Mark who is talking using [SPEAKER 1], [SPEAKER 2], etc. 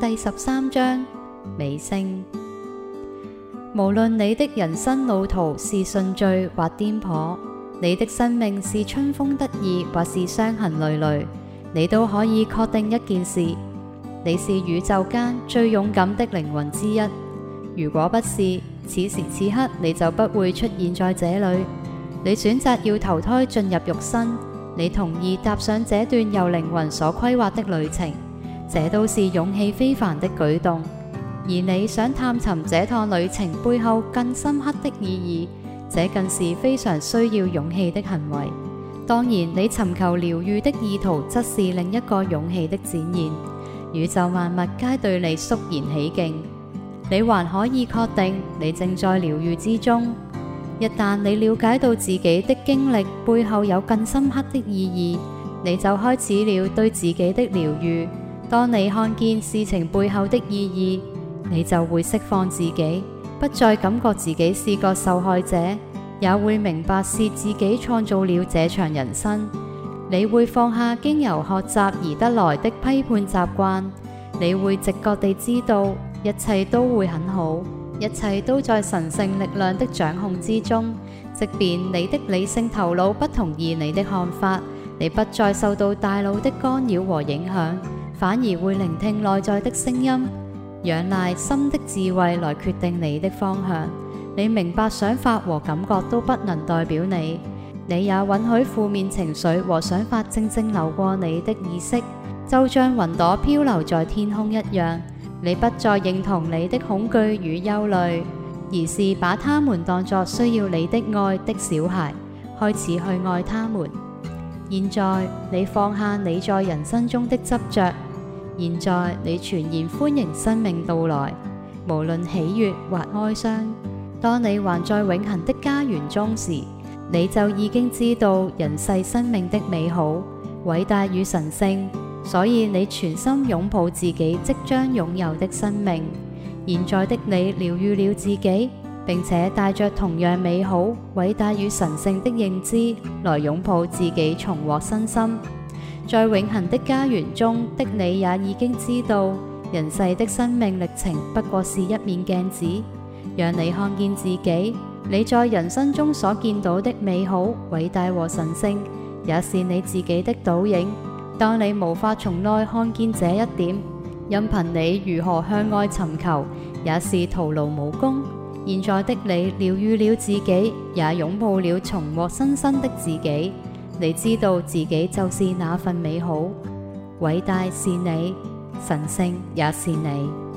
[SPEAKER 1] 第十三章尾聲。無論你的人生路途是順遂或顛簸，你的生命是春風得意或是傷痕纍纍，你都可以確定一件事：你是宇宙間最勇敢的靈魂之一。如果不是，此時此刻你就不會出現在這裏。你選擇要投胎進入肉身，你同意踏上這段由靈魂所規劃的旅程。這都是勇氣非凡的舉動，而你想探尋這趟旅程背後更深刻的意義，這更是非常需要勇氣的行為。當然，你尋求療癒的意圖則是另一個勇氣的展現。宇宙萬物皆對你肅然起敬。你還可以確定你正在療愈之中。一旦你了解到自己的經歷背後有更深刻的意義，你就開始了對自己的療愈。當你看見事情背後的意義，你就會釋放自己，不再感覺自己是個受害者，也會明白是自己創造了這場人生。你會放下經由學習而得來的批判習慣，你會直覺地知道一切都會很好，一切都在神聖力量的掌控之中。即便你的理性頭腦不同意你的看法，你不再受到大腦的干擾和影響。反而會聆聽內在的聲音，仰賴心的智慧來決定你的方向。你明白想法和感覺都不能代表你，你也允許負面情緒和想法靜靜流過你的意識，就像雲朵漂流在天空一樣。你不再認同你的恐懼與憂慮，而是把他們當作需要你的愛的小孩，開始去愛他們。現在你放下你在人生中的執着。現在你全然歡迎生命到來，無論喜悅或哀傷。當你還在永恒的家園中時，你就已經知道人世生命的美好、偉大與神聖。所以你全心擁抱自己即將擁有的生命。現在的你療癒了自己，並且帶着同樣美好、偉大與神聖的認知來擁抱自己，重獲身心。在永恆的家園中的你也已經知道，人世的生命歷程不過是一面鏡子，讓你看見自己。你在人生中所見到的美好、偉大和神聖，也是你自己的倒影。當你無法從內看見這一點，任憑你如何向外尋求，也是徒勞無功。現在的你療癒了自己，也擁抱了重獲新生的自己。你知道自己就是那份美好，偉大是你，神聖也是你。